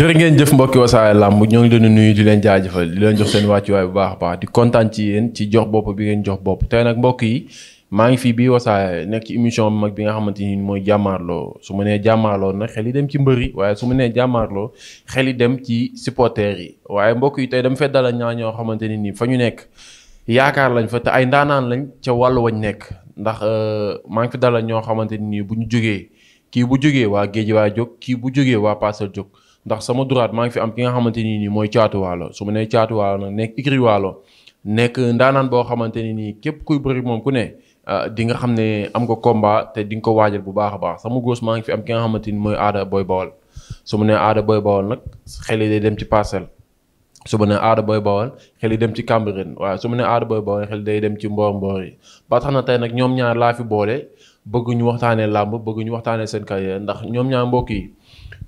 jërë ngeen jëf mbokki wasaare làmb ñoo ngi leen di nuyu di leen jaajëfal di leen jox seen wàccuwaay bu baax a baax di kontaan ci yéen ci jox bopp bi ngeen jox bopp tey nag mbokk yi maa ngi fii bii wasaare nekk ci émission bi mag bi nga xamante ni mooy jàmmaarloo su ma nee jàmmaarloo nag yi dem ci mbër yi waaye su ma nee jàmmaarloo xel yi dem ci supporters yi waaye mbokk yi tey dama fee dalal ñaar ñoo xamante ne nii fa ñu nekk yaakaar lañ fa te ay ndaanaan lañ ca wàll wañ nekk ndax euh, maa ngi fi dalal ñoo xamante ni bu ñu jógee kii bu jógee waa géej waa kii bu jógee waa paasal jóg ndax sama droite maa ngi fi am ki nga xamante ni nii mooy Thiatou su ma nee Thiatou Walo nag nekk Ikri Walo nekk ndaanaan boo xamante ni nii képp kuy bëri moom ku ne ah, di nga xam ne am nga komba te di nga ko waajal bu baax a baax sama góos maa ngi fi am ki nga xamante mooy aada booy bawal su ma nee aada booy bawal nag xel day dem ci parcelle su ma nee aada booy bawal xel yi dem ci Cambérène waa su ma nee aada booy bawal xel day dem ci mboor mboor yi ba tax na tey nag ñoom ñaar laa fi boole bëgg ñu waxtaanee làmb bëgg ñu waxtaanee seen carrière ndax ñoom ñaar mbokk yi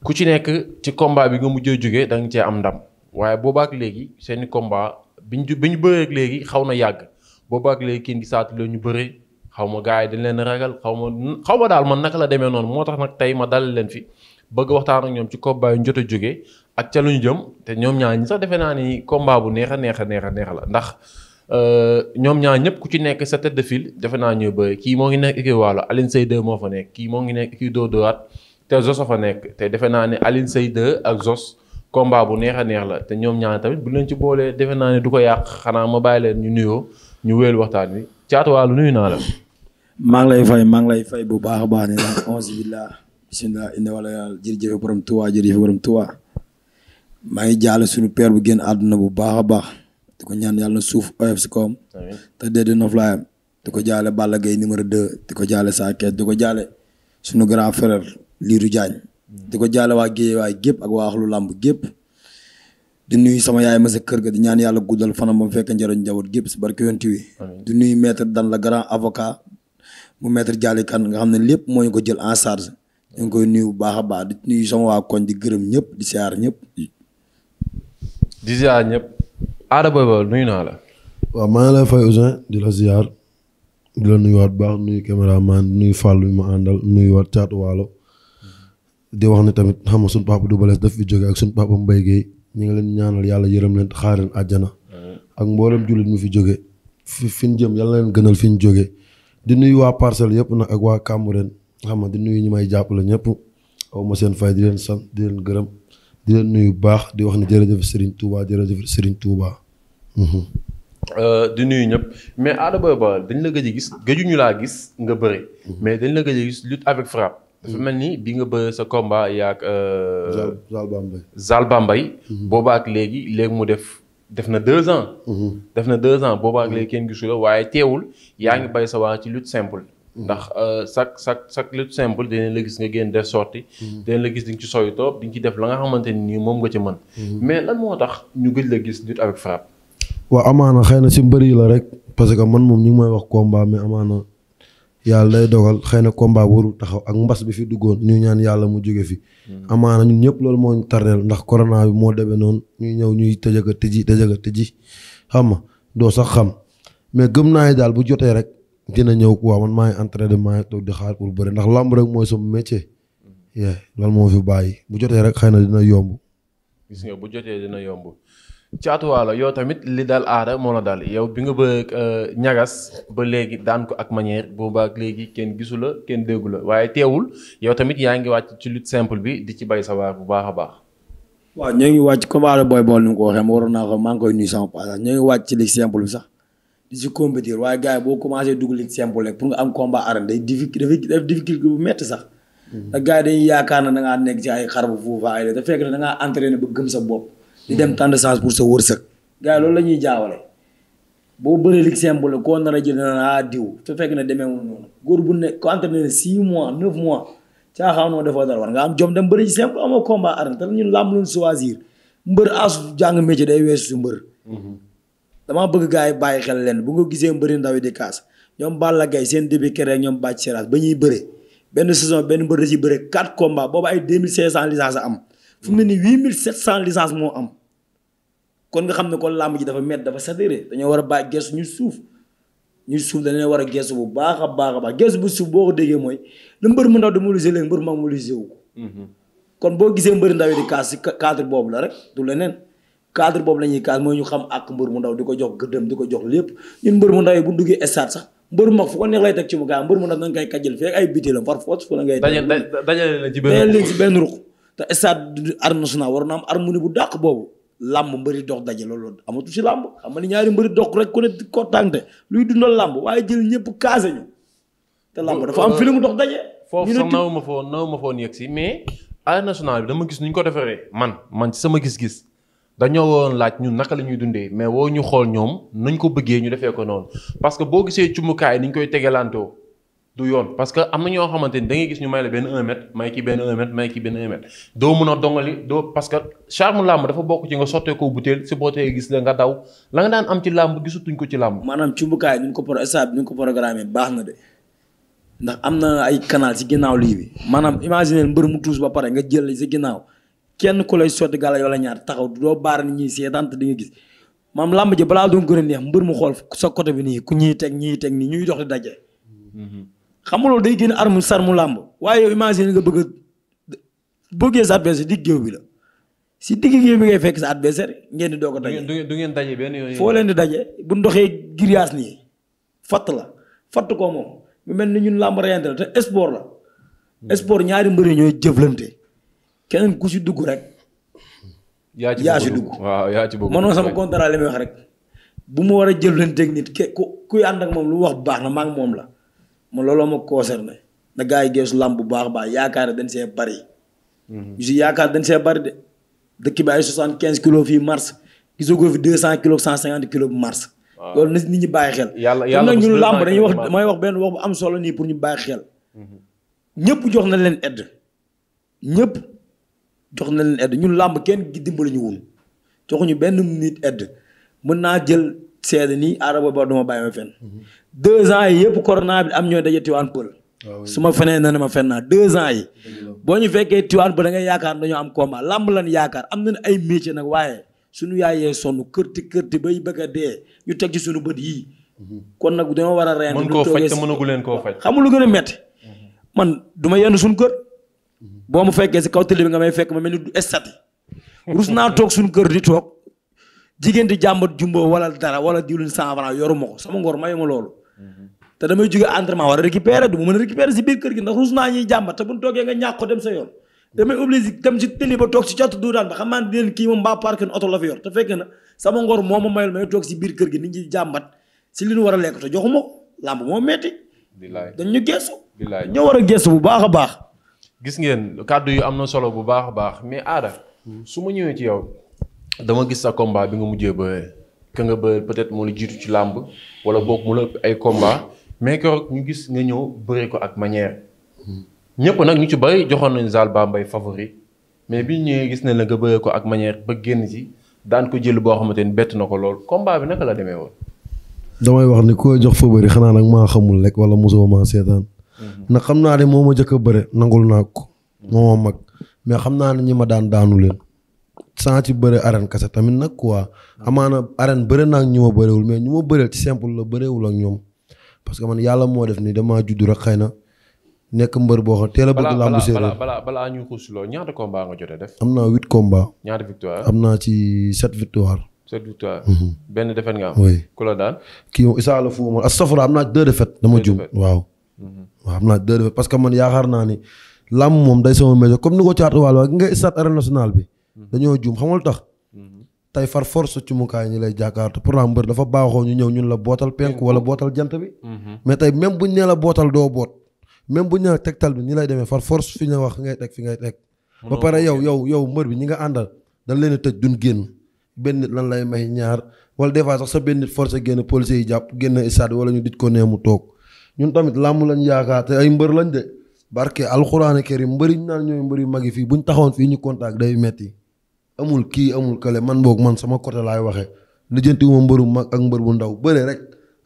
ku ci nekk ci combat bi nga mujjee jóge danga nga cee am ndam waaye boobaak léegi seeni combat biñ bi ñu bëree léegi xaw na yàgg boobaak léegi kenn gisaatu la ñu bëree xaw ma gars yi dañ leen ragal xaw ma xaw ma daal man naka la demee noonu moo tax nag tey ma dal leen fi bëgg waxtaan ak ñoom ci combat yu ñu a jóge ak ca lu ñu jëm te ñoom ñaar ñi sax defe naa ni combat bu neex a neex a a neex la ndax euh, ñoom ñaar ñëpp ku ci nekk sa tête de defe naa ñuy bëri kii moo ngi nekk Waalo Alioune Seye 2 moo fa nekk kii moo ngi nekk équipe Dóor Dóoraat te Zos fa nekk te defe naa ne alin Seye 2 ak Zos combat bu neex a neex la te ñoom ñaar tamit bu leen ci boolee defe naa ne du ko yàq xanaa ma bàyyi leen ñu nuyoo ñu wéyal waxtaan wi caatuwaalu nuyu naa la. maa ngi lay fay maa ngi lay fay bu baax a baax ne daal onze billah bismillah inna wala yàlla jërëjëf borom Tuubaa jërëjëf borom Tuubaa maa ngi jaale suñu père bu génn àdduna bu baax a baax di ko ñaan yàlla na suuf oyof si kawam. te déedéet na fulaayam di ko jaale Balla Gaye numéro di ko jaale Sa di ko jaale suñu grand frère Lirou Diagne. di ko jaale waa Géejawaay gépp ak waa lu Làmb gépp. di nuyu sama yaay ma sa kër ga di ñaan yàlla guddal fanam ba mu fekk njëriñ njaboot gépp si barke yonti wi. di nuyu maître dan la grand avocat mu maître Dialy Kane nga xam ne lépp moo ñu ko jël en charge. ñu ngi koy nuyu bu baax a baax di nuy sama waa koñ di gërëm ñëpp di siyaar ñëpp. di siyaar ñëpp. Ada naa la. waaw maa lay fay Ouzin di la siyaar di la nuyuwaat baax nuyu caméraman nuyu Fallou ma àndal nuyuwaat Thiatou Walo di wax ne tamit xam nga suñu papa du Less daf fi jóge ak suñu papa Mbaye Guèye ñu ngi leen ñaanal yàlla yërëm leen xaaral àjjana ak mboolem jullit mu fi jóge fi fi ñu jëm yàlla leen gënal fi ñu jóge di nuyu waa parcelle yëpp nag ak waa Cambérène xam nga di nuyu ñi may jàppale ñëpp aw ma seen fay di leen sant di leen gërëm di leen nuyu baax di wax ne jërëjëf Serigne Touba jërëjëf Serigne Touba. Mhm. Euh, di nuyu ñëpp mais Ada Boy Baol dañ la gëj a gis ñu laa gis nga bëre. Mhm. mais dañ la gëj a gis lutte avec dafa mel ni bi nga bëre sa combat yaag. Euh, Zal Bambay. Zal Bambay. Mhm. boobaak léegi léegi mu def def na deux ans. Mhm. def na deux ans boobaak mhm. léegi kenn gisu la waaye teewul yaa ngi bay sa waa ci lutte simple. ndax euh, chaque chaque chaque lutte simple dinañ la gis nga génn def sorti dinañ la gis di nga ci sooy toog di nga ci def la nga xamante ni nii moom nga ci mën. mais lan moo tax ñu gëj la gis lutte avec frappe. waaw amaana xëy na si mbëri la rek parce que man moom ñu mooy wax combat mais amaana. yàlla day dogal xëy na combat warul taxaw ak mbas bi fi duggoon ñuy ñaan yàlla mu jóge fi. Hmm. amaana ñun ñëpp loolu moo ñu tardeel ndax corona bi moo demee noonu ñuy ñëw ñuy tëj ak a tëji tëj ak a xam ma doo sax xam mais gëm naa ne daal bu jotee rek dina ñëw quoi man maa ngi entraîné maa ngi toog di xaar pour bëri ndax lamb rek mooy sama métier. Hmm. loolu moo fi bàyyi bu jotee rek xëy na dina yomb. gis nga bu jotee dina yomb caatuwaalo yow tamit li daal aada moo la daal yow bi nga bëgg euh, ñagas ba léegi daan ko ak manière boobaa ak léegi kenn gisu la kenn déggu la waaye teewul yow tamit yaa ngi wàcc ci lutte simple bi di ci bay sa bu baax a baax. waaw ñoo ngi wàcc comme aada booy bool waroon naa ko maa ngi koy nuyu sama passage ci lutte simple bi sax di si compétir waaye gars yi boo commencé dugg lutte simple rek pour nga am combat arène day difficulté bu métti sax. Mm-hmm. te gars yi dañuy yaakaar ne da ngaa nekk ci ay xar bu fuufa ay te fekk na da ngaa entraîné ba gëm sa bopp. di dem temps de chance pour sa wërsëg. gars loolu la ñuy jaawale boo bëree lig simple koo nar a jël na ah diw su fekk ne demeewul noonu góor bu ne ko entraîné six mois neuf mois caaxaan noo defoo dara war nga am jom dem bëri ci simple amoo combat arène te ñun làmb luñ choisir mbër asu jàng métier day weesu su mbër. Mhm. damaa bëgg gars yi bàyyi xel leen bu nga gisee mbëri ndaw yi di kaas ñoom Balla Gaye seen début keroog ñoom Bathie Seras ba ñuy bëre benn saison benn mbër da ci bëre quatre combats boobu ay deux mille cent am. fu mu ne nii huit mille sept cent licence moo am kon nga xam ne ko làmb ji dafa met dafa saturé dañoo war a bàyyi gestu ñu suuf ñu suuf dañoo war a gestu bu baax a baax a baax gestu bu suuf boo ko déggee mooy lu mbër mu ndaw di mobilisé léegi mbër mu mobilisé wu ko mm-hmm. kon boo gisee mbëri ndaw yi di kaas la rek du leneen cadre boobu la ñuy kaas mooy ñu xam ak mbër mu ndaw di ko jox gëddëm di ko jox lépp ñun mbër mu ndaw yi bu duggee stade sax mbër mu mag fu ko neex lay teg ci mu gaa mbër mu ndaw nañ koy kajjal fekk ay biti la par force fu la ngay dajale na ci benn ruq te stade arène nationale war na am harmonie bu dàq boobu làmb mbëri dox daje loolu amatu ci làmb am nga ni ñaari mbëri dox rek ko ne kontante luy dundal làmb waaye jël ñëpp kaase ñu te làmb dafa am film dox daje. foofu sax ma foo naw foo yegg si mais arène bi dama gis nu ko defaree man man ci sama gis-gis dañoo waroon laaj ñun naka la ñuy dundee mais woo ñu xool ñoom nañ ko bëggee ñu defee ko noonu parce que boo gisee cumukaay ni ñu koy tegelantoo du yoon parce que am na ñoo xamante ni da ngay gis ñu may la benn 1 mètre may ki benn 1 mètre may ki benn 1 mètre doo mun a dongali doo parce que charme làmb dafa bokk ci nga sottee ko butéel supporter gis nga daw la nga daan am ci làmb gisutuñ ko ci làmb. maanaam cumbukaay ñu ko pro stade bi ñu ko programmé baax na de ndax am na ay canal ci ginnaaw lii bi maanaam imaginer mbër mu tuus ba pare nga jël si ginnaaw kenn ku lay sotti gàlla yoo ñaar taxaw doo baar nit ñi seetaan maam làmb ji balaa doon gën a mu xool sa côté bi nii ku ñuy teg ñuy teg nii ñuy dox di xam nga loolu day génn arme sar mu làmb waaye yow imagine nga bëgg a bëggee sa adversaire digg géew bi la si digg géew bi ngay fekk sa adversaire ngeen di doog a daje. du ngeen daje benn yoon foo leen di daje bu ndoxee giriyaas nii fatt la fatt ko moom mu mel ni ñun làmb reyante la te sport la. Hmm. sport ñaari mbëri ñooy jëflante keneen ku si dugg rek. yaa yaa ci dugg waaw yaa ci bëgg mënoo sama contrat li rek bu ma war a jëflanteeg nit ke ku kuy ak moom lu wax baax na maa ngi moom la. moo looloo ma concerné na gars yi geesu làmb bu baax baax yaakaar dañ see bari. Mhm. yaakaar dañ see bari de dëkk bi ay soixante quinze kilos fii mars gisoo ko fi deux cent kilos cent cinquante kilos bu mars. waaw loolu na nit ñi bàyyi xel. yàlla yàlla ñun làmb dañuy wax may wax benn wax bu am solo nii pour ñu bàyyi xel. Mhm. ñëpp jox na leen aide. ñëpp jox na leen aide ñun làmb kenn dimbali ñu wul ñu benn nit aide mën naa jël. seede nii aaraba ba du ma bàyyi ma fenn. deux yi yëpp corona bi am ñoo daje Tiwaan Pël. Ah su ma fenee ne ma fen naa deux ans yi. boo ñu fekkee Tiwaan Pël da ngay yaakaar dañoo am combat làmb lan yaakaar am nañu ay métier nag waaye suñu yaayee sonn kërti kërti bay bëgg a dee ñu teg ci suñu bët yi kon nag dañoo war a reen. mën koo faj te leen koo faj. xamul lu gën a du ma yenn suñu kër. boo mu fekkee si kaw télé bi nga may fekk ma mel ni du estati. rus naa toog suñu kër di toog. jigéen di jàmbat jumbo wala dara wala diwlin cent franc yoruma ko sama ngor ma mayuma loolu te damay jóge entraînement war a récupérer du ma mën a récupérer si biir kër gi ndax ruus naa ñuy jàmbat te bu ñu toogee nga ñàkk ko dem sa yoon damay obligé dem ci tëli ba toog si cott duudaan ba xam naa ne di leen kii moom te fekk na sama ngor moo ma mayul may toog si biir kër gi nit ñi jàmbat si li ñu war a lekk te joxuma ko làmb moo metti dañ ñu geesu ñoo war a geesu bu baax a baax gis ngeen kàddu yi am na solo bu baax a baax mais aada su ma ñëwee ci yow dama gis sa combat bi nga mujjee ba ka nga ba peut-être moo la jiitu ci làmb wala boog mu la ay combat mais keroog ñu gis nga ñëw bëree ko ak manière ñëpp nag ñu ci bari joxoon nañu Zal Bambey favori mais bi ñu ñëwee gis nañ la nga bëree ko ak manière ba génn ci daan ko jël boo xamante ni bett na ko lool combat bi naka la demee woon. damay wax ni ku jox favori xanaa nag maa xamul rek wala mosoo maa seetaan. Mhm. na xam naa ne moo ma jëkk a bëre nangul naa ko. moo mag mais xam naa ne ñi ma daan daanu leen. sans ci bëre arène kese tamit nag quoi amaana arène bëre naa ak ñu ma bëreewul mais ñu ma bëreel ci simple la bëreewul ak ñoom parce que man yàlla moo def ni damaa juddu rek xëy na nekk mbër boo xam teel a bëgg lambu séeréer balaa balaa ñu ko suloo ñaata combat nga jotee def. am naa huit combat. ñaata victoire am naa ci sept victoire. sept victoire. Mhm. benn défaite nga am. oui ku la daan. kii moom Issa la fu ma astafurlah am naa deux défaites. dama jum waaw. Mhm. waaw am naa deux défaites parce que man yaakaar naa ni lamb moom day sama métier comme ni ko caatuwaale waa nga stade arène nationale bi. dañoo juum xamul tax. Mhm. tey far force cumukaay ñi lay jàkkaarloo te pourtant mbër dafa baaxoo ñu ñëw ñun la bootal penku wala bootal jant bi. Mhm. mais tey bu ñu nee la bootal doo boot. même buñ nee la tegtal bi ni lay demee far force fi nga wax ngay teg fi ngay teg. ba pare yow yow yow mbër ñi nga àndal dañ leen a tëj duñ génn. benn lan lay may ñaar wala des fois sax sa benn nit force génn policier yi jàpp génn stade wala ñu dit ko nee mu toog ñun tamit làmb lañ yaakaar te ay mbër lañ de barke alxuraane kër yi mbëri ñu naan ñooy mag yi fii bu ñu taxoon fii ñu contact day metti amul kii amul kële man boog man sama côté laay waxee lijjanti wu ma mbëru mag ak mbër bu ndaw bëre rek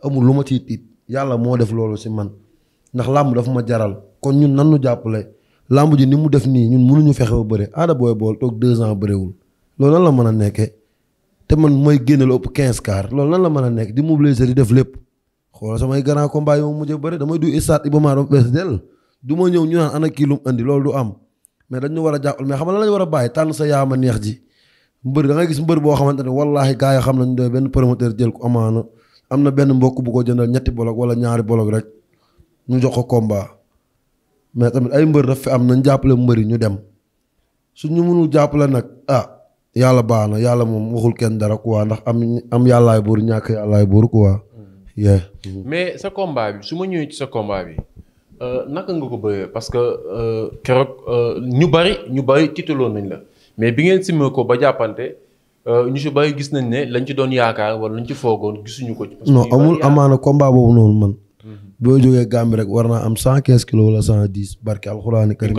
amul lu ma ciy it yàlla moo def loolu si man ndax làmb dafa ma jaral kon ñun nan nu jàppale làmb ji ni mu def nii ñun mënuñu fexe ba bëre aada booy bool toog deux ans bëréwul loolu nan la mën a nekkee te man mooy génne lu ëpp quinze car loolu nan la mën a nekk di mobiliser di def lépp xoolal samay grand combat yi ma mujj a bëri damay du stade Iba Mar du ma ñëw ñu naan ana kii lu mu andi loolu du am mais dañu war a jàppal mais xam nga lan war a bàyyi tànn sa yaama neex ji mbër da gis mbër boo xamante ne wallaahi gars yi xam nañ ne benn promoteur jël ko amaana am na benn mbokk bu ko jëndal ñetti bolog wala ñaari bolog rek ñu jox ko combat mais tamit ay mbër daf am nañ jàppale mbër yi ñu dem su mënul jàppale nag ah yàlla baax na yàlla moom waxul kenn dara quoi ndax am am yàllaay buur ñàkk yàllaay buur quoi. mais sa bi su ma ñëwee ci sa combat bi. Euh, naka nga ko bëree parce que euh, keroog euh, ñu bari ñu bari titaloon nañ la. mais bi ngeen simmee ko ba jàppante euh, ñu si bàyyi gis nañ ne lañ ci doon yaakaar wala lañ ci foogoon gisuñu ko. non amul amaana combat boobu noonu man. Mhm. boo jógee Gambie rek war naa am cent quinze kilos wala cent dix barke alxuraani karim.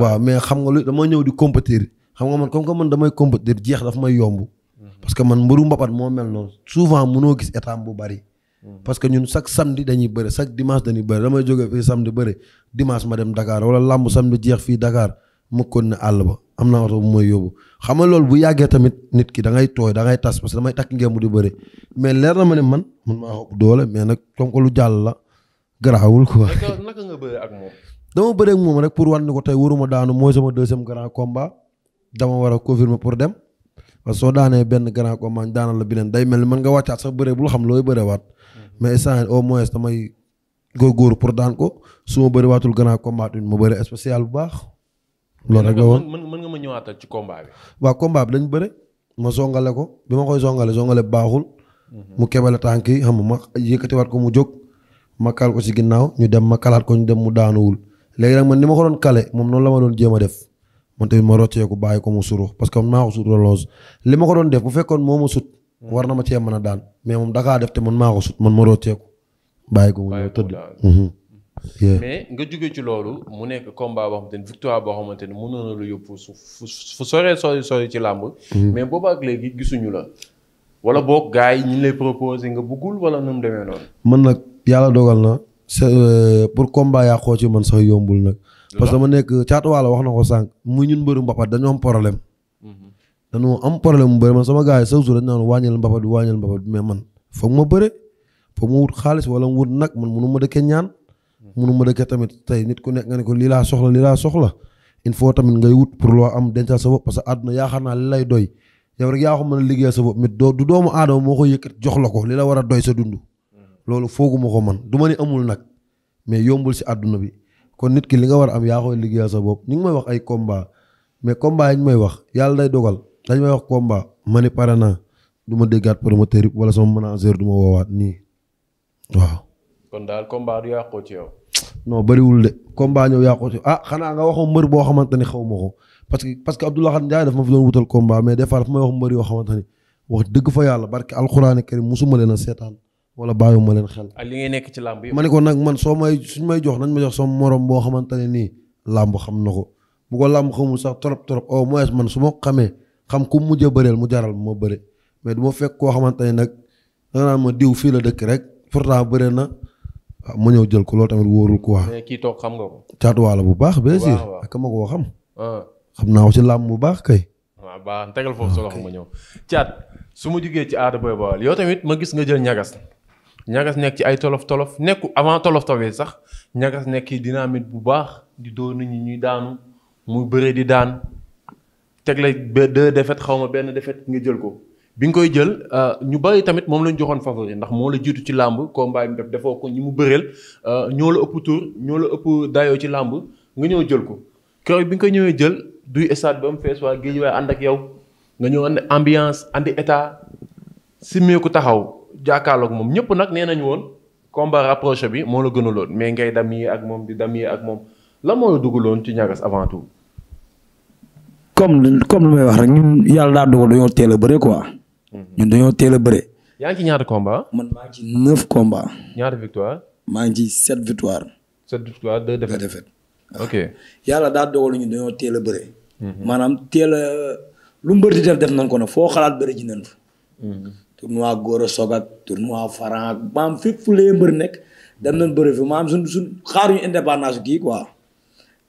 waaw mais xam nga lu dama ñëw di compétir xam nga man comme man damay compétir jeex dafa may yomb. Mhm. parce que man mbëru mbapat moo mel noonu souvent mënoo gis état bu bari. Mhm. parce que ñun chaque samedi dañuy bëri chaque dimanche dañuy bëri damay jógee fii samedi bëri dimanche ma dem Dakar wala làmb samedi jeex fii Dakar mu kon ne àll ba. am naa oto bu may yóbbu xam nga loolu bu yàggee tamit nit ki da ngay tooy da ngay tas parce que damay takk ngeen mu bëri mais leer na ma ne man man maa ëpp doole mais nag comme lu jàll la garaawul quoi. naka nga bëree ak moom. dama bëree ak moom rek pour wan ne ko tey waruma daanu mooy sama deuxième grand combat dama war a confirmer pour dem parce que soo daanee benn grand combat daana la beneen day mel ni mën nga wàccaat sax bëree bul xam looy bëreewaat mais instant au moins damay góorgóorlu pour daan ko su ma bëriwaatul grand combat ma bëri spécial bu baax. loolu rek woon mën nga ma ñëwaatal ci combat bi. waaw combat bi dañ bëre ma songale ko bi ma koy songale songale baaxul. mu kebale tànk yi xam ma yëkkatiwaat ko mu jóg. ma kal ko si ginnaaw ñu dem ma kalaat ko ñu dem mu daanuwul léegi nag man ni ma ko doon kale moom noonu la ma doon jéem a def man tamit ma rocceeku bàyyi ko mu surux parce que man maa ko sut relance li ma ko doon def bu fekkoon moo ma sut. war na ma cee mën a daan mais moom da def te man maa ko sut man ma rocceeku bàyyi ko mu ñëw tëdd. mais nga jóge ci loolu mu nekk combat boo xamante ni victoire boo xamante ni mënoon na la yóbbu fu soree sori sori ci làmb. Mm. mais booba ak léegi gisuñu la. wala boog gars yi ñu lay proposé nga bëggul wala nu mu demee noonu. man nag yàlla dogal na euh, pour combat yaa xoo ci man sax yombul nag. parce que ma nekk caatuwaala wax na ko sànq mu ñun mbëru mbapat dañoo am problème. Mm-hmm. dañoo am problème mu bëri man sama gars yi chaque jour dañu naan wàññil mbapat bi wàññil mbapat mais man foog ma bëre foog ma wut xaalis wala mu wut nag man mënu ma dëkkee ñaan. munu ma dëkk tamit tey nit ku nekk nga ne ko lii laa soxla lii laa soxla il faut tamit ngay wut pour loo am dencal sa bopp parce que àdduna yaakaar naa li lay doy yow rek yaa ko mën a liggéeyal sa bopp mais doo du doomu aadama moo ko yëkkat jox la ko li la war a doy sa dund. loolu fooguma ko man du ma ni amul nag mais yombul si àdduna bi kon nit ki li nga war a am yaa koy liggéeyal sa bopp ñu ngi may wax ay combat mais combat yi ñu may wax yàlla day dogal dañ may wax combat ma ni pare naa du ma déggaat promoteur wala sama manager du ma woowaat nii waaw. kon daal combat du yàqoo ci yow. no bëriwul de combat ñëw yaa ko ah xanaa nga waxoo mbër boo xamante ni xaw ma ko parce que parce que Abdoulaye Khan Ndiaye daf ma fi doon wutal combat mais des fois dafa may wax mbër yoo xamante ni wax dëgg fa yàlla barke alxuraani karim musuma leen a seetaan wala bàyyiwuma leen xel. ak ah, li nekk ci làmb yi. ma ne ko nag man soo may suñ may jox nañ ma jox sama morom boo xamante ne nii làmb xam na ko bu ko làmb xamul sax trop trop au moins man su ma xamee xam ku mujj a bëreel mu jaral ma bëre mais du fekk koo xamante ne nag da nga ma diw fii la dëkk rek pourtant bëre na Ah, ma ñëw jël ko loolu tamit wóorul quoi. mais kii xam nga ko. bu baax. bien sûr ak ma koo xam. Ah. xam naa ko ci làmb bu baax kay. waaw ah, baax tegal foofu solo xam nga ñëw. caat su ma jugee ci aada booy bawal yow tamit ma gis nga jël ñagas. ñagas nekk ci ay tolof tolof nekku avant tolof tolof sax ñagas nekk ci dynamite bu baax di doo nit ñi ñuy daanu muy bëre di daan teg la deux défaites xaw ma benn défaite nga jël ko. bi nga koy jël euh, ñu bari tamit moom lañ joxoon favori ndax moo la jiitu ci làmb combat bi def defoo ko ñi mu bëreel euh, ñoo la ëpp tour ñoo la ëpp dayo ci làmb nga ñëw jël ko keroog bi nga koy ñëwee jël duy stade ba mu fees waa géej waaye ànd ak yow nga ñëw ànd ambiance andi état simmeeku taxaw jàkkaarloog moom ñëpp nag nee nañu woon combat rapproché bi moo la gënaloon mais ngay dam yi ak moom di dam yi ak moom la moo la loon ci ñagas avant tout. lu may wax rek ñun yàlla daa dogal dañoo ñun dañoo teel a bëre. yaa ngi ci ñaata combat. man maa ngi ci neuf combat. ñaata victoire. maa ngi ci sept victoire. sept victoire deux défaites deux ok yàlla daa dogal ñun dañoo teel a bëre. Mhm. maanaam teel lu mbër di def def na ko nag foo xalaat bëre ji nañ fa. Mhm. tournoi Gora Sock ak tournoi Faran ak maam fépp fu mbër nekk dem na bëre fi maam suñ suñ xaaruñu indépendance kii quoi.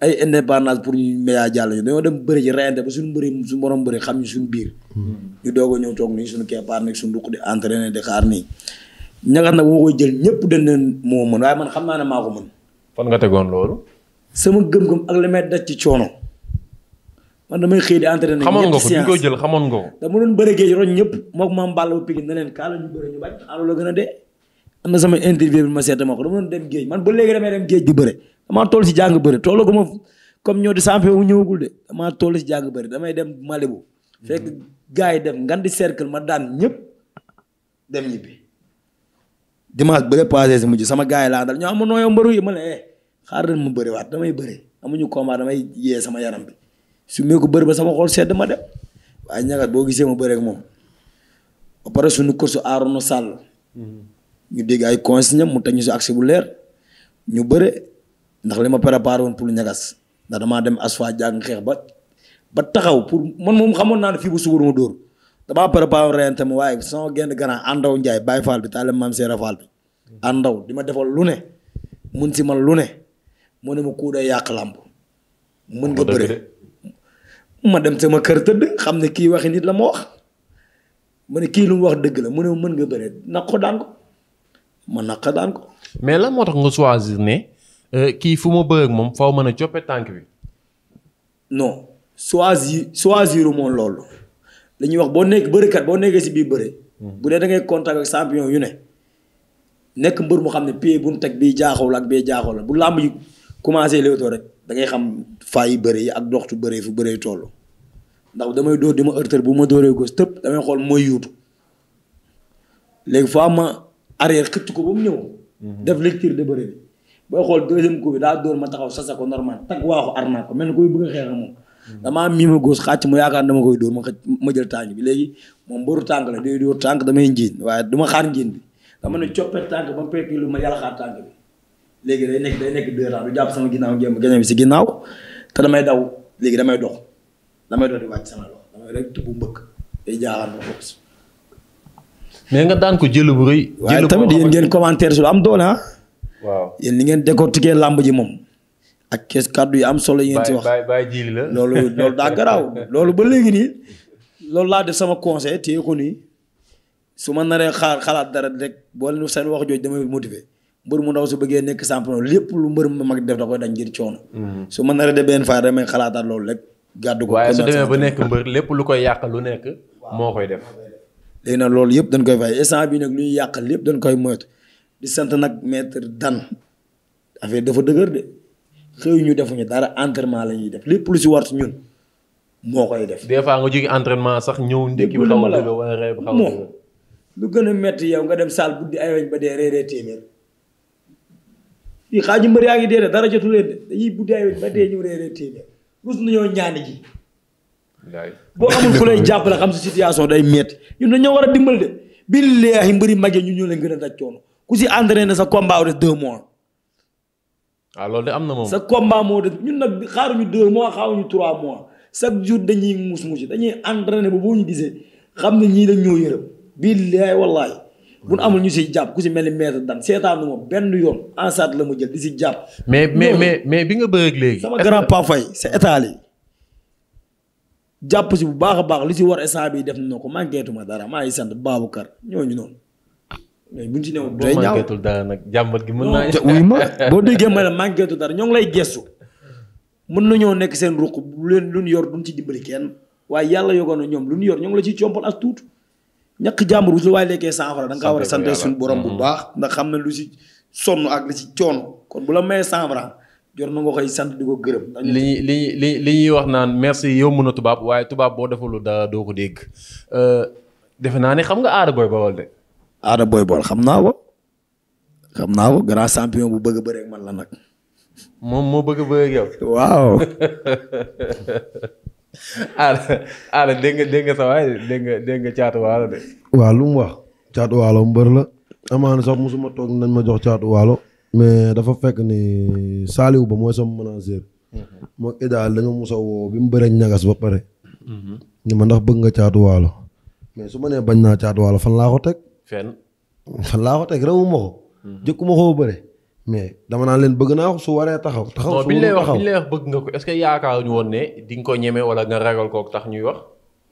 ay indépendance pour ñu média jàll ñu dañoo dem bëri ci reyante ba suñu bëri suñu borom bëri xam ñu suñu biir mm-hmm. ñu doog a ñëw toog nii suñu keppaar nekk suñu dukk di entraîné di xaar nii ñagat nag bu ma koy jël ñëpp dañ leen moo mën waaye man xam naa ne maa ko mën fan nga tegoon loolu sama gëm-gëm ak li may daj ci coono man xëy di entraîné xamoon nga jël xamoon nga ko dama doon bëri géej roñ ñëpp mook maam Balla ba Pikine na leen kaa ñu bëri ñu bañ xaalu la gën a de am na sama interview bi ma seet ma ko dama doon dem géej man ba léegi damay dem géej di bëre maa toll si jàng bëri tollaguma comme ñoo di champion wu ñëwagul de damaa tool si jàng bëri damay dem Malibu. fekk gars yi def ngan di cercle ma daan ñëpp dem ñibbi. dimanche bëre passé si mujj sama gars yi laa dal ñoo amoon nooyoo mbëru yi ma ne eh xaaral ma bëri waat damay bëri amuñu combat damay yee sama yaram bi su mee ko bëri ba sama xol sedd ma dem waaye ñagat boo gisee ma bëri ak moom ba pare suñu course Arouna Sall. Mm-hmm. ñu dégg ay consignes mu teg ñu si accès bu leer ñu bëre. ndax li ma préparé woon pour ñagas ndax damaa dem asfa jàng xeex ba ba taxaw pour man moom xamoon naa ne fii bu suba ma dóor damaa préparé woon ren tam waaye sama genn grand àndaw Ndiaye Baye Fall bi taale maam Seera Fall bi àndaw di ma defal lu ne mun si ma lu ne mu ne ma kuu day yàq làmb mun nga bëre ma kër tëdd xam ne kii waxi nit la ma ma ne kii lu mu wax dëgg la mu mën nga bëre naq ko daan ko ma naq daan ko. mais lan moo tax nga choisir ne. Euh, kii fu ma bëreeg moom faw mën a coppe tànk bi. non choisir choisir moom loolu lañuy wax boo nekk bërikat boo nekkee si biir bëre. Hmm. bu dee da ngay contact ak champion yu ne. nekk mbër mu xam ne pied bu ñu teg bii jaaxul ak bee jaaxul la bu làmb yi commencé léewtoo rek da ngay xam faay yu bëri yi ak doxtu bëri fu bëree toll. ndax damay dóor di ma heurteur bu ma dóoree gos tëpp damay xool mooy yuutu léegi foo ma arrière xëtt ko ba mu ñëw. Hmm. def lecture de bëri bi. booy xool deuxième coup bi daa dóor ma taxaw sasa ko normal tag waaxu arnaat ko mel koy bëgg a xeex ak moom damaa miima góos dama koy dóor ma xëcc ma jël tànk bi léegi moom mbaru tànk la day damay njiin waaye du xaar njiin bi dama ne coppet tànk ba mu ma yàlla xaar tànk bi léegi day nekk day nekk deux du jàpp sama ginnaaw jéem bi si ginnaaw te damay daw léegi damay dox damay dox di wàcc sama loxo damay mbëkk day mais nga daan ko jëlu bu rëy. waaye tamit yéen ngeen commentaire su am doole ah. waaw yéen li ngeen décortiquer làmb ji moom. ak kees kàddu yi am solo yi ngeen si wax bay bay la. loolu loolu daa garaaw loolu ba léegi nii loolu laa def sama conseil téye ko nii su ma naree xaar xalaat dara rek boo leen seen wax jooju damay motiver mbër mu ndaw su bëggee nekk champion lépp lu mbër mu mag def da koy dañ ngir coono. Mm-hmm. su ma naree de benn faay damay xalaataat loolu rek. gàddu ko waaye su demee ba nekk mbër lépp lu koy yàq lu nekk. moo koy def. léegi nag loolu yëpp dañ koy fay instant bi nag lu ñuy yàq dañ koy moytu. di sant nag maître Dan affaire dafa dëgër de xëy ñu defuñu dara entraînement la ñuy def lépp lu si war si ñun moo koy def. des fois nga jóge entraînement sax ñëw ndekki. xaw a dëgg wala a gën a métti yow nga dem saal ba dee reeree téeméer fii yaa ngi dee dara jotu leen de dañuy buddi ay weñ ba dee ñu reeree téeméer rus nañoo ñaani ji. boo amul ku lay jàppale xam si situation day métti ñun dañoo war a dimbal de yi mbëri mag ñu ñu leen gën a daj coono. ku si entraîné sa combat de deux mois. waaw ah, loolu de am na moom. sa combat moo def ñun nag xaaruñu deux mois xaaruñu trois mois chaque jour dañuy muus muusi dañuy entraîné ba boo ñu gisee xam ne ñii dañ ñoo yërëm billaay wallaay. bu nu amul ñu siy jàpp ku si mel ni maître dan seetaanu ma benn yoon en saat la ma jël di si jàpp. mais mais mais mais bi nga bëreeg léegi. sama grand pa fay sa état jàpp si bu baax a baax lu si war instant bii def na ko manqué dara maa ngi sant Babacar ñooñu noonu. bu ñu ci newul boo màggeetul dara nag jàmbat gi mën naa. wuy ma boo ma ne màggeetul dara ñoo ngi lay gestu mën nañoo nekk seen ruq lu leen lu ñu yor duñ ci dimbali kenn waaye yàlla yogoon na ñoom lu ñu yor ñoo ngi la ci compal ak tuut ñàkk jàmbur bu waaye lekkee saafara da nga kaa war a sant suñu borom bu mm-hmm. baax ndax xam na lu si sonn ak li si coono kon bu la mayee saafara jor na nga koy sant di ko gërëm. li ñuy li li ñuy wax naan merci yow mën a tubaab waaye tubaab boo defalul dara doo ko dégg euh, defe naa ne xam nga aada booy bawal aada booy bool xam naa ko xam naa ko grand champion bu bëgg a bëreeg man la nag. moom moo bëgg a bëreeg yow. waaw. aada aada dégg nga dégg nga sa waay dégg nga dégg de. waaw lu mu wax caatu waalo mbër la. amaana sax musuma toog nañ ma jox caatu waalo. mais dafa fekk ni Saliou ba mooy sama manager. Mhm. moo idaal dañoo musa woo bi mu bëreeg ñagas ba pare. Mhm. ni ma ndax bëgg nga caatu waalo. mais su ma nee bañ naa caatu waalo fan laa ko teg. fenn. laa ko teg mhm. rawuma ko. jëkkuma koo bëre. mais dama naa leen bëgg naa ko su waree taxaw. taxaw su bi ñu lay wax bi bëgg nga ko est ce que yaakaaruñu woon ne di nga ko ñeme wala nga ragal ko tax ñuy wax.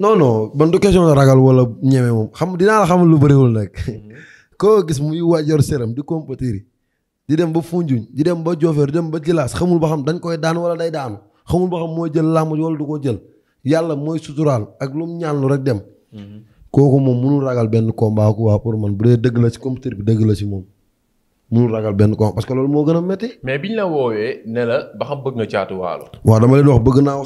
non non man du question la ragal wala ñeme moom xam dinaa la xamal lu bëriwul rek mhm. koo gis muy waajor séram di compétir di dem ba Foundiougne di dem ba Diofior di dem ba Djilass xamul ba xam dañ koy daan wala day daanu xamul ba xam mooy jël làmb du ko jël yàlla mooy suturaal ak lu mu ñaanlu kooku moom munul ragal benn combat ku waa pour man bu dee dëgg la ci compteur bi dëgg la ci moom munul ragal benn combat parce que loolu moo gën a métti. mais biñ la woowee ba xam bëgg nga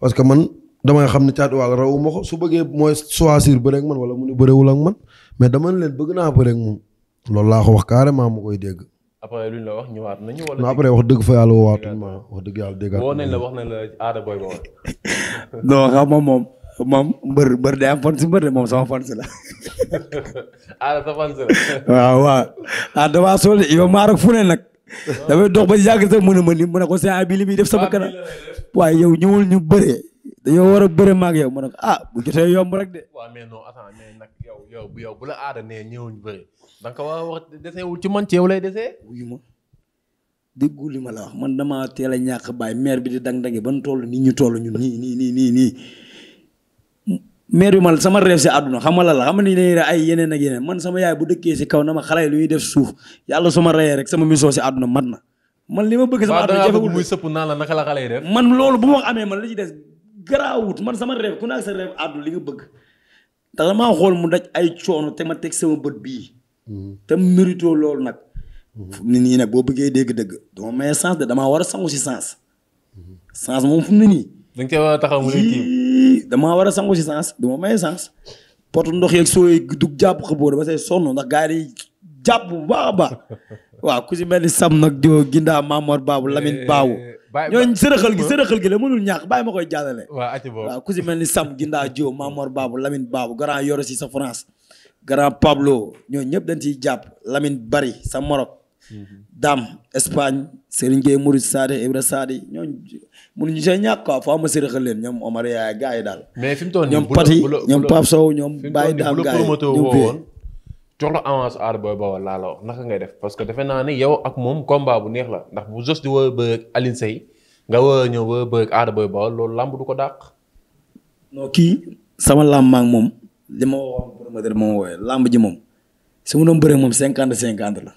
wax su man damay xam ne caatu waalo rawu ma ko su bëggee mooy choisir bëre ak man wala mu ne bëreewul ak man mais dama leen bëgg naa bëre ak moom loolu laa ko wax carrément mu koy dégg. après lu wax ñëwaat nañu wala. non après wax dëgg fa yàlla ma wax dëgg yàlla moom moom mbër mbër day am fans mbër de moom sama fans la. ah sa fans la. waaw waaw ah damaa sool yow maa rek fu ne nag. dafay dox ba yàgg sax mën a mën mu ne ko saa bi li muy def sama kanam. waaye yow ñëwul ñu bëree. dañoo war a bëre maag yow mu ne ko ah bu jotee yomb rek yow yow bu yow bu la aada nee ñëwul a wax dese wul man ci yow lay dese. wuyu ma déggu li ma a a bàyyi maire bi di dang dangi ban toll ñu toll ñun nii nii nii. maire bi man sama réew si xam nga la la xam ni dañuy man sama yaay bu dëkkee si kaw na ma xale lu ñuy def suuf yàlla su ma reyee rek sama mission si àdduna mat na man li ma bëgg sama àdduna jafewul muy sëpp naan la naka man loolu bu ma amee man li ci des garaawut man sama réew ku nekk sa réew àdduna li nga bëgg ndax damaa xool mu daj ay coono te ma teg sama bët bii mhm. te mu mérito loolu nag mhm. nit ñi nag boo bëggee dégg-dëgg dama maye sens de damaa war a sangu si sens mhm. sens moom fu ne nii da nga cee taxaw dama war a sangu si sens du ma maye sens porte ndox yeeg sooy dug jàpp xëboo dama say sonn ndax gars jàpp bu baax a baax waaw ku si mel ni Sam nag di Ginda Mamor Babou eh, Lamine Babou. Eh, eh, bàyyi ñooñu sërëxal gi sërëxal gi la mënul ñàkk bàyyi ma koy jàllale. waaw ati boobu ku si mel ni Sam Ginda Dio Mamor Babou Lamine Babou grand Yoro si sa France. gara Pablo ñooñu ñëpp dañ ciy jàpp Lamine Bari sa Morok. Dame Espagne Serigne Gueye Mouride Sade Ibra Sade ñooñu mënuñu see ñàkk quoi foo ma sërëxal leen ñoom Omar yaay gars yi daal. mais fi mu toll nii ñoom Pati ñoom Pape Sow ñoom. Baye Dame gars yi ñu woon jox la avance aar booy la wax naka ngay def parce que defe naa ne yow ak moom combat bu neex la ndax bu jos di wër nga wër ñëw wër bëgg aar loolu làmb du ko dàq. non kii sama làmb moom li ma waxoon promoteur moom wooyee làmb ji moom su ma doon bëree moom cinquante cinquante la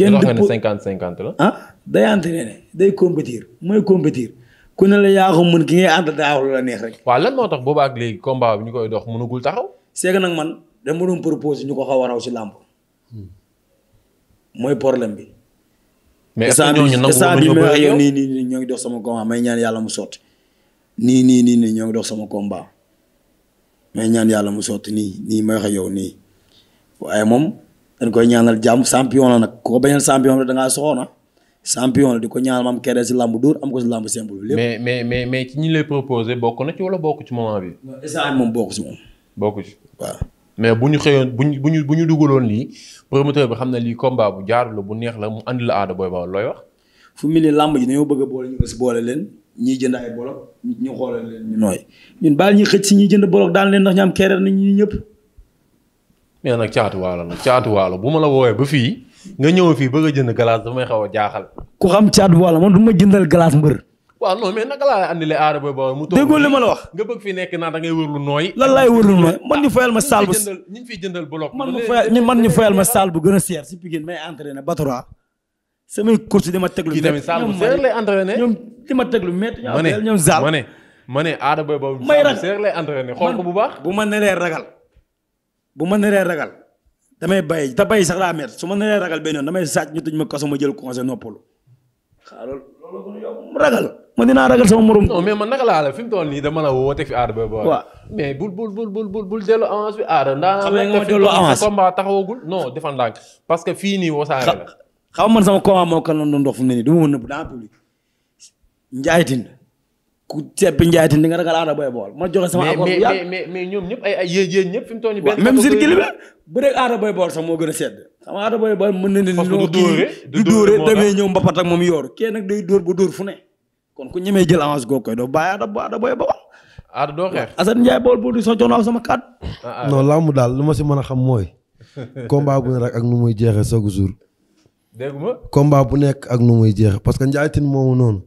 kenn dëppoo loo xam cinquante cinquante la. ah day entraîné day compétir mooy compétir ku ne la yaa ko mën ki ngay ànd daaw la neex rek. waa lan moo tax booba ak léegi combat bi ñu koy dox gul taxaw. c'est que nag man dama doon proposé ñu ko xaw a raw si làmb. Hmm. mooy problème bi. mais est-ce que ñooñu nangu woon nañu ko nii nii ñoo ngi dox sama combat may ñaan yàlla mu sotti nii nii nii nii ñoo ngi dox sama combat may ñaan yàlla mu sotti nii nii may wax nii waaye moom. dañ koy ñaanal jàmm champion la nag ku ko bañal champion la da soxoona champion di ko ñaanal maam keree si làmb dóor am ko si làmb simple bi lépp. mais mais mais mais ci bokk na ci bokk ci moment bi. bokk si moom. bokk ci waaw. mais bu ñu bu ñu bu ñu bu ñu dugaloon lii promoteur bi xam ne lii combat bu jaarul bu neex la mu indi la aada booy baax looy wax. fu mu làmb ji dañoo bëgg a boole ñu ko si boole leen ñiy jënd ay bolok ñu xoolal leen ñu nooy ñun baal ñu xëj si ñu jënd bolok daan leen ndax ñu am keree nañ ñi ñëpp nee nag caatu waalo nag caatu waalo bu ma la woowee ba fii nga ñëw fii bëgg a jënd glace damay xaw a jaaxal. ku xam caatu waalo man du ma jëndal glace mbër. waaw non mais naka laa andile aada ba ba mu. déggoo li ma la wax. nga bëgg fi nekk naa da ngay wër lu nooy. lan laay wër lu nooy man ñu ah, fayal ma saal bu. ñu fi jëndal bloc. man ñu fayal man gën a seer si Pikine may entraîné Batora. samay course dama teg lu. kii tamit saal bu seer lay entraîné ñoom dama teg lu métti. ñoom ma ne ma ne aada ba ba. may ragal seer lay entraîné xool ko bu baax. bu ma neree ragal bu ma naree ragal damay bàyyi te bay sax laa met su ma naree ragal benn yoon damay sàcc ñu tëj ma kaso ma jël conseil noppalu xaaral loolu ragal man dinaa ragal sama morom. mais man naka laa la fi mu dama la woo teg fi aada ba bul bul bul bul bul delloo avance taxawagul non defal ndànk parce que fii nii wasaare la. xam man du ma mën a nëbb dans public. Njaay Tine ku seppi njaaytin di nga ragal aada booy bool ma joxe sama accord bu yàgg mais mais ñoom ñëpp ay ay yéen yéen ñëpp fi mu toll nii aada booy bool sax moo gën a sedd sama aada booy bool mën na ne noo kii du dóore damee ñëw mbapat ak moom yooru kee day dóor bu dóor fu ne kon ku ñemee jël avance googu koy doo bàyyi aada sama kàddu ah, ah. non laamu daal lu ma si mën a xam mooy combat bu ne rek ak nu muy jeexe chaque jour dégg ma combat bu nekk ak nu muy jeexe parce que njaaytin moomu noonu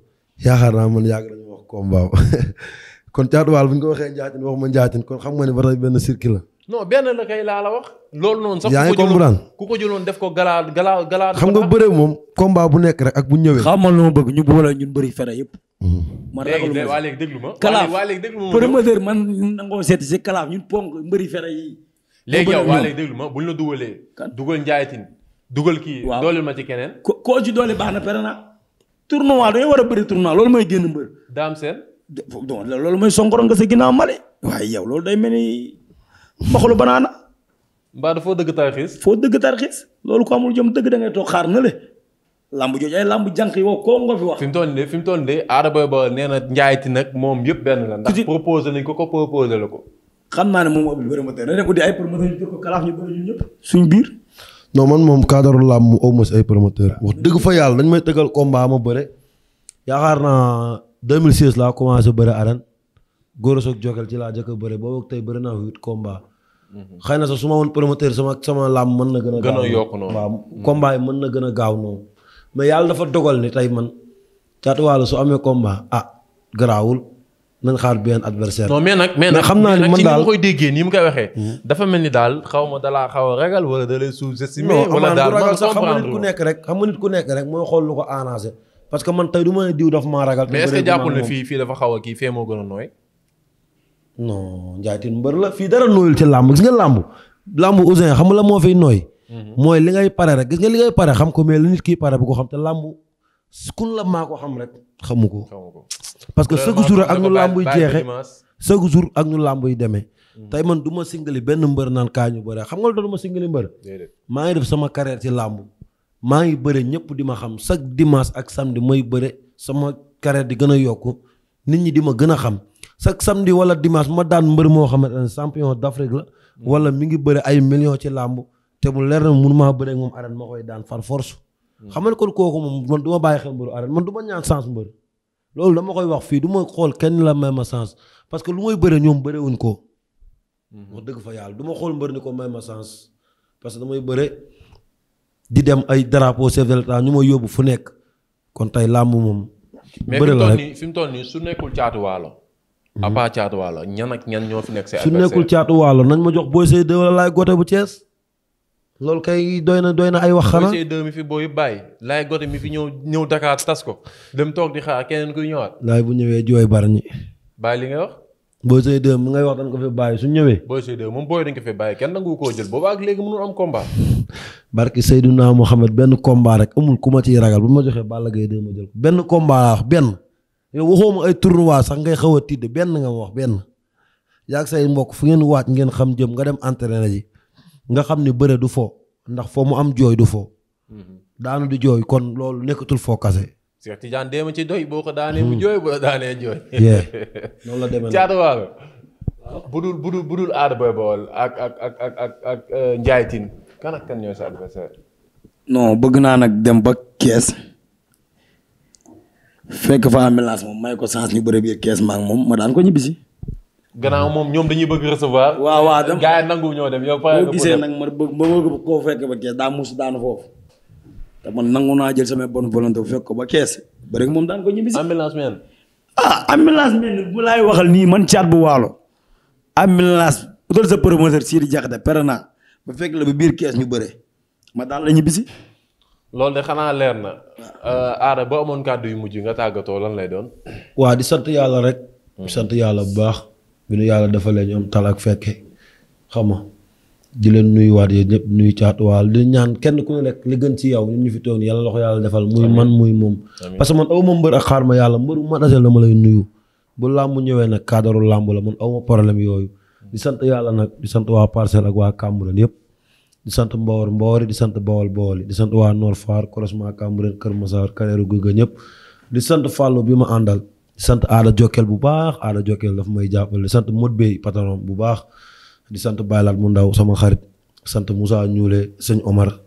yaakaar naa man yàgg combat kon caatuwaal bu ñu ko waxee njaatin wax ma njaatin kon xam nga ne ba tey benn circuit la. non benn la kay laa la wax. loolu noonu sax yaa ngi comprendre ku ko jëloon def ko galaa galaa galaa. xam nga bëre moom. combat bu nekk rek ak bu ñëwee. xamal lu ma bëgg ñu boole ñun bëri fere yëpp. Mm-hmm. man ragalu ma léegi déglu ma. ñun mbëri fere yi. léegi yow waa léegi déglu ma buñ la dugalee. dugal njaatin dugal kii. waaw dooleel ma ci keneen. ko koo ci baax na pere na tournoi dañoo war a bëri tournoi loolu mooy génn mbër. daam seen. loolu mooy sonkoro nga sa ginnaaw male waaye yow loolu day mel ni mbaxalu banaana. mbaa foo dëgg tarxiis. foo dëgg tarxiis loolu ko amul jom dëgg da ngay toog xaar na le. lamb jooju ay lamb jànq yi woo koo nga fi wax. fi mu toll nii fi mu toll nii Ada Boy Baol nee na njaayiti nag moom yëpp benn la. ndax proposé nañ ko ko proposé la ko. xam naa ne moom moo ëpp promoteur na rek di ay promoteur ñëpp suñ biir non man moom cadre làmb mu aw ay promoteur wax dëgg fa yàlla dañ may tëggal combat ma bëre yaakaar naa 2016 laa commencé bëre arène góor soog jokel ci laa jëkk a bëre boobu tey bëre naa huit combat xëy na sax su ma woon promoteur sama sama làmb mën na gën a gën a yokk noonu waaw combat yi mën na gën a gaaw noonu mais yàlla dafa dogal ni tey man caatuwaalo su amee combat ah garaawul nañ xaar benn adversaire non mais nag mais nag xam naa ne man daal koy déggee nii mu koy waxee. Hmm. dafa mel ni daal xaw ma dalaa xaw a ragal wala da lay sous-estimer. wala daal man nekk rek xam nga nit ku nekk rek mooy xool lu ko arrangé parce que man tey du ma diw dafa maa ragal. mais est-ce que fii fii a kii fee moo gën a nooy. non Ndiaye Tine mbër la fii dara nooyul ci làmb gis nga làmb làmb Ouzin xam nga la moo fiy nooy. Mhm. mooy li ngay pare rek gis nga li ngay pare xam ko mais li nit kii pare bu ko xam te làmb kun la maa ko xam rek xamu ko parce que chaque jour ak nu làmb yi jeexe chaque ak nu làmb yi demee mhm. tey man duma ma benn mbër naan kaa ñu bëre xam nga loolu doon ma singali mbër maa ngi def sama carrière ci làmb maa ngi bëre ñëpp di ma xam chaque dimanche ak samedi may bëre sama carrière di gën a yokk nit ñi di ma gën a xam chaque samedi wala dimanche ma daan mbër moo xamante ne champion d'Afrique la mhm. wala mu ngi bëre ay millions ci làmb te mu leer na mënu maa bëre moom arène ma koy daan far force mhm. xam nga kon kooku moom man du ma bàyyi xel mbëru arène man du loolu dama koy wax fii du ma xool kenn la may ma chance parce que lu may bëre ñoom bëre wuñ ko. Mhm. wax dëgg fa yàlla du ma xool mbër ni ko may ma chance parce que damay bëre di dem ay drapeau chef de ñu may yóbbu fu nekk kon tey làmb moom. bëre la mais fi mu toll nii su nekkul caatu waalo. à mhm. part caatu ñan ak ñan ñoo fi nekk. sa su nekkul caatu waalo nañ ma jox booy say de wala laay gote bu Cees loolu kay doy na doy na ay wax xanaa. mi fi booy bàyyi. laay gote mi fi ñëw ñëw Dakar tas ko. dem toog di xaar keneen kuy ñëwaat. laay bu ñëwee jooy bar ñi. bàyyi li nga wax. Boy Seye mi ngay wax dañ ko fi bàyyi su ñëwee. Boy moom booy dañ ko fi bàyyi kenn nangu koo jël booba ak léegi mënul am combat. barki mu Mohamed benn combat rek amul ku ma ciy ragal bu ma joxee Balla Gaye 2 ma jël benn combat wax benn. yow waxoo ma ay tournoi sax ngay xaw a tidd benn nga ma wax benn. yaa say mbokk fu ngeen waaj ngeen xam jëm nga dem entraîner ji nga xam ni bëre du fo ndax foo mu am jooy du fo. Mhm. daanu du jooy kon loolu nekkatul foo kase. Cheikh Tidiane dee ci doy boo ko daanee mu mhm. jooy bu la daanee jooy. noonu la demee Thiatou Walo budul Boy Baol ak ak ak ak euh, bëgg naa nag dem ba kees fekk fa ambulance moom may ko chance ñu bëre biir kees maa moom ma daan ko ñibbisi. gannaaw moom ñoom dañuy bëgg recevoir. waaw waaw dem gars yi nangu ñoo dem yow. pare boo gisee nag ma bëgg ma bëgg koo fekk ba kees daa muus daanu foofu. te man nangu naa jël samay bonne volonté bu fekk ko ba kees ba rek moom daan ko ñibbisi. ambulance meen. ah ambulance meen bu laay waxal nii man caat bu waalo. ambulance utal sa promoteur Sidi Diakhaté pere naa ba fekk la ba biir kees ñu bëre ma daal la ñibbisi. loolu de xanaa leer na. aada euh, ba amoon kàddu yu mujj nga tàggatoo lan lay doon. waa di sant yàlla rek. Hmm. sant yàlla bu baax. bi nu yàlla defalee ñoom tal ak fekke xam nga di leen nuyuwaat yéen ñëpp nuyu caatuwaal di ñaan kenn ku ne rek li gën ci yow ñun ñu fi toog yàlla loxo yàlla defal muy man muy moom parce que man aw ma xaar ma yàlla mbër ma dasel dama lay nuyu bu làmb ñëwee nag cadre làmb la man aw ma problème yooyu di sant yàlla nag di sant waa parcel ak waa Cambérène yëpp di sant Mbawar Mbawar di sant Bawol Bawol di sant waa Nord Foire croisement Cambérène Kër Massar Karéeru Gouga ñëpp di sant Fallou bi ma àndal sant aada Jokal bu baax aada Jokal daf may jàppale sant Modou Bey patron bu baax di sant Baylaat mu ndaw sama xarit sant Moussa Ñuule sëñ Omar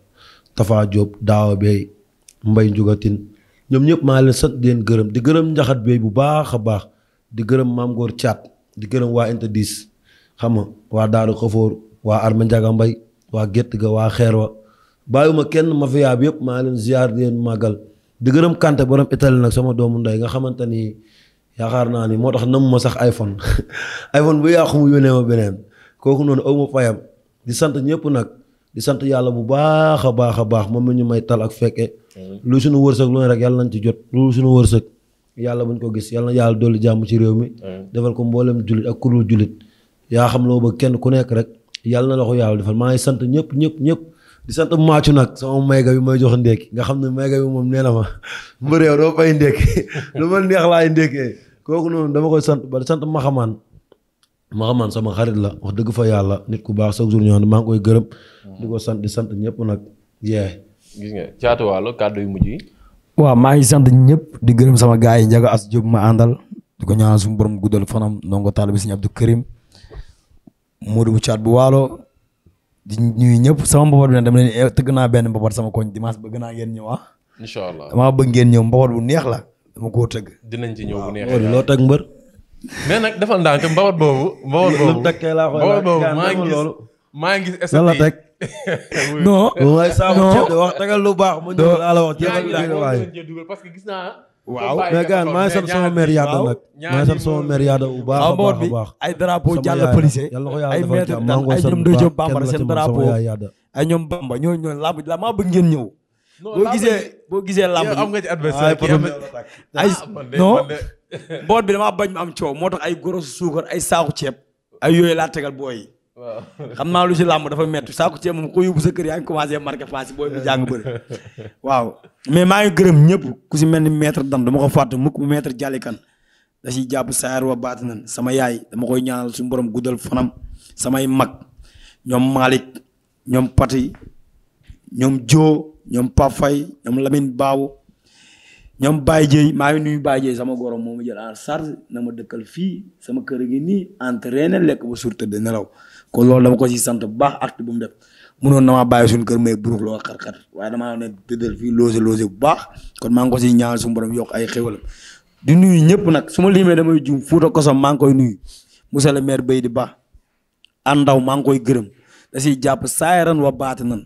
Tafa Diop Daawa Bey Mbay Njugatin ñoom ñëpp maa leen sant di leen gërëm di gërëm njaxat Bey bu baax a baax di gërëm maam Góor Caat di gërëm waa Interdis xam nga waa Daaru Xafoor waa Arma Mbay waa Gétt ga waa Xeer wa ma kenn mafia bi yëpp maa leen ziar leen màggal. di gërëm Kanté borom Italie nag sama doomu nday nga xamante ni yaakaar naa ni moo tax nam ma sax iPhone iPhone bu yàqu mu yónnee ma beneen kooku noonu aw ma fayam di sant ñëpp nag di sant yàlla bu baax a baax a baax moom la ñu may tal ak fekke lu suñu wërsëg lu ne rek yàlla nañ ci jot lu suñu wërsëg yàlla buñ ko gis yàlla na yàlla dolli jàmm ci réew mi. defal ko mboolem jullit ak kuréel jullit yaa xam loo bëgg kenn ku nekk rek yàlla na la ko yàlla defal maa ngi sant ñëpp ñëpp ñëpp. di sant maacu nag sama mayga bi may jox ndékki nga xam ne mayga bi moom nee na ma mbër yow doo fay ndékki lu ma neex laay kooku noonu dama koy sant ba sant ma xamaan ma maxamaan sama xarit la wax dëgg fa yàlla nit ku baax chaque jour ñu maa ngi koy gërëm di ko di sant ñëpp nag yee gis nga Caatu Waalo kàddu yu mujj yi waaw maa ngi sant ñëpp di gërëm sama gars yi njaga as jóg ma àndal di ko ñaanal suñu borom guddal fanam ndongo taalibe Sëriñ Abdou Karim Modou bu Caat bu Waalo di ñuy ñëpp sama mboboot bi nag dama leen eh, tëgg naa benn mboboot sama koñ dimanche bëgg naa ngeen ñëw ah. bëgg ngeen ñëw mboboot bu neex la dama koo tëgg. dinañ ci ñëw bu neex la loo tëgg mbër. mais nag defal ndànk mboboot boobu. mboboot boobu lu tëkkee laa koy laaj mboboot boobu maa ngi gis maa ngi gis. lan la teg non. waaye saa ma wax tegal lu baax. ma ñëw laa la wax jéem a. waaye parce waaw mais gaan maa ngi sant sama mère yaada nag maa ngi sant yaada bu baax a bi a ay drapeau jàll police ay maître ay ñoom doy job bambara seen drapeau ay ñoom bamba ñoo ñoo làmb la maa bëgg ngeen ñëw boo gisee boo gisee làmb am nga ci adversaire ay ah, non bi damaa bañ ma am coow moo tax ay goro suukar ay saaku ceeb ay yooyu laa tegal booy waaw xam naa lu si làmb dafa metti saako ceeb moom ko yóbbu sa kër yaa ngi commencé marqué paas yi booy bi jàng bëri waaw mais maa ngi gërëm ñëpp ku si mel ni maître dam dama ko fàtte mukk maître kan da ciy jàpp saar wa baat nan sama yaay dama koy ñaanal suñu borom guddal fanam samay mag ñoom Malick ñoom Pati ñoom Joo ñoom Pafay ñoom Lamine Baabu ñoom Baye Dieye maa ngi nuyu Baye sama gorom moo ma jël en charge na ma dëkkal fii sama kër gi nii entraîné lekk ba surte de nelaw kon loolu dama ko ci sant bu baax acte bu mu def mënoon na maa bàyyi suñu kër may burux loo xar-xar waaye damaa ne tëddal fii loose loose baax kon maa ngi ko ciy ñaanal suñu borom yokk ay xéwalam di nuyu ñëpp nag suma ma limee damay juum Fouta maa ngi koy nuyu monsieur le maire Baye di baax àndaw maa ngi koy gërëm da ciy jàpp saayaran wa baati nan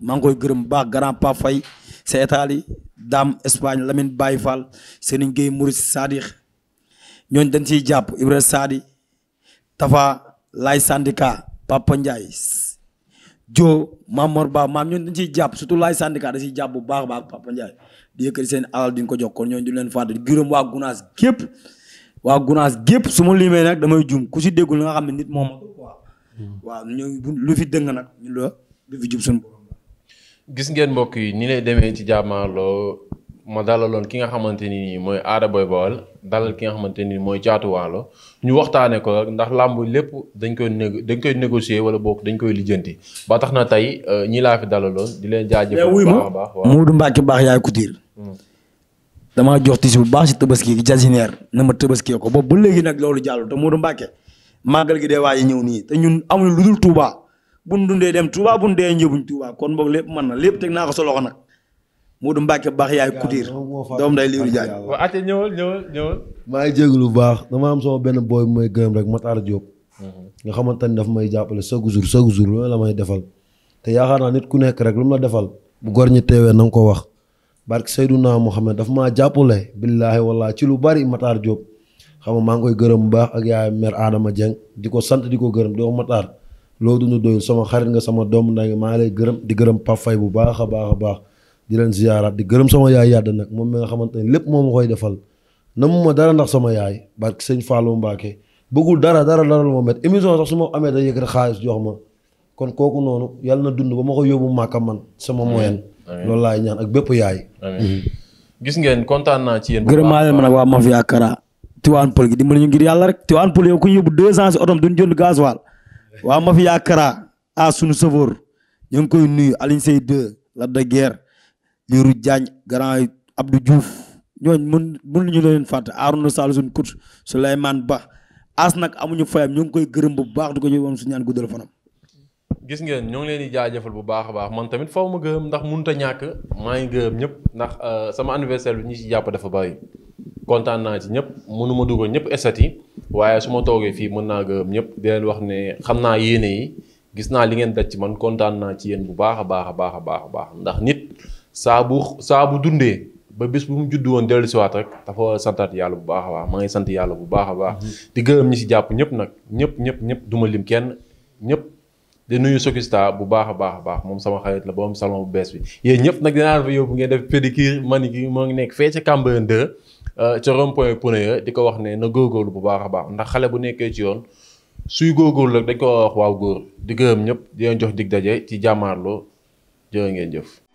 maa ngi koy gërëm baax grand pa fay sa Italie Dame Espagne Lamine Baye Fall Serigne Gueye Mouride Sadikh ñooñu dañ ciy jàpp Ibrahima Sadi Tafa Lay Syndicat Papa Ndiaye jo Mamor Ba maam ñun dañ ciy jàpp surtout Lay Syndicat da ciy jàpp bu baax a baax Papa Ndiaye di seen alal di ko jox kon ñooñu du leen fàtte gërëm waa Gunaas gépp waa Gunaas gépp su ma nag damay jum ku si déggul nga am ne nit moom waaw waaw ñu lu fi dëng nag ñu la lu fi jub suñu gis ngeen mbokk yi ni lay demee ci loo ma dalaloon ki nga xamante ni mooy Ada Boy Baol dalal ki nga xamante ni mooy caatuwaalo ñu waxtaanee ko ndax làmb lépp dañ koy négo dañ koy négocier wala boog dañ koy lijjanti ba tax na tey euh, ñi laa fi dalaloon di leen jaajëfal bu baax a baax waaw Moodu Mbacke baax yaay Couture hmm. damaa jox tisi bu baax si tabaski gi na ma tabaskee ko boobu ba léegi nag loolu jàll te Moodu Mbacke màggal gi dee waaye ñëw nii te ñun amuñu lu dul Touba bu ñu dundee dem Touba bu ñu dee ñëw buñ kon boog lépp mën na lépp teg naa ko sa nag Modou Mbacke baax yaay Coutir doom day liiru jaaj waaw ate ñëwal ñëwal maa ngi jégalu bu baax dama am sama benn booy bu may gërëm rek Matar Diop mhm. nga xamante ni daf may jàppale chaque jour chaque jour loolu la may defal te yaakaar naa ku nekk rek lu mu defal bu gor ñi teewee na nga ko wax barke Seydouna Mohamed daf maa jàppale billaahi walla ci lu bari Matar Diop xam nga maa ngi koy gërëm bu baax ak yaay mère aadama Dieng di ko sant di ko gërëm di ko Matar loo dund doyul sama xarit nga sama doom nda maa lay gërëm di gërëm Pape Faye bu baax a baax a baax di leen ziyaaraat di gërëm sama yaay yàdd nag moom mi nga xamante ne lépp moom ma koy defal namu ma dara ndax sama yaay barke sëñ Fallou Mbacke bëggul dara dara dara lu ma met émission sax su ma amee da yëkkati xaalis jox ma kon kooku noonu yal na dund ba ma ko yóbbu màkka man sama moyen loolu laay ñaan ak bépp yaay mhm. gis ngeen kontaan naa ci yéen gërëm maa leen ma nag waa mafia kara Tiwaan Pël gi dimbali ñu ngir yàlla rek Tiwaan Pël yow ku ñu yóbbu deux ans si otom duñ jënd gasoil waa mafia kara a suñu sëfoor ñu ngi koy nuyu Alioune Seye 2 la de Lirou Diagne grand Abdou juuf ñooñ mun mën mënuñu leen fàtte Arouna Sall suñ coach Souleymane Ba as nag amuñu fayam ñu ngi koy gërëm bu baax di ko ñu woon su ñaan guddal fanam gis ngeen ñoo ngi leen di jaajëfal bu baax a baax man tamit faw ma gërëm ndax mënut a ñàkk maa ngi gërëm ñëpp ndax euh, sama anniversaire bi ñu ci jàpp dafa bari kontaan naa ci ñëpp mënuma ma dugal ñëpp esat yi waaye su ma toogee fii mën naa gërëm ñëpp di leen wax ne xam naa yéene yi gis naa li ngeen daj ci man kontaan naa ci yéen bu baax a baax a baax a baax ndax saa bu saa bu dundee ba bis bu mu juddu woon dellu siwaat rek dafa santaat yàlla bu baax a baax maa ngi sant yàlla bu baax a baax mhm. di gërëm ñi si jàpp ñëpp nag ñëpp ñëpp ñëpp duma lim kenn ñëpp di nuyu Sokista bu baax a baax a baax moom sama xarit la ba am salon bu bees bi yéen ñëpp nag dinaa fa yóbbu ngeen def pédicure manicure moo ngi nekk fee sa Cambérène 2 euh, ca rond point pune ya di ko wax ne na góorgóorlu bu baax a baax ndax xale bu nekkee ci yoon suy góorgóorlu rek dañ ko wax waaw góor di gërëm ñëpp di jox dig daje ci jàmmaarloo ngeen jëf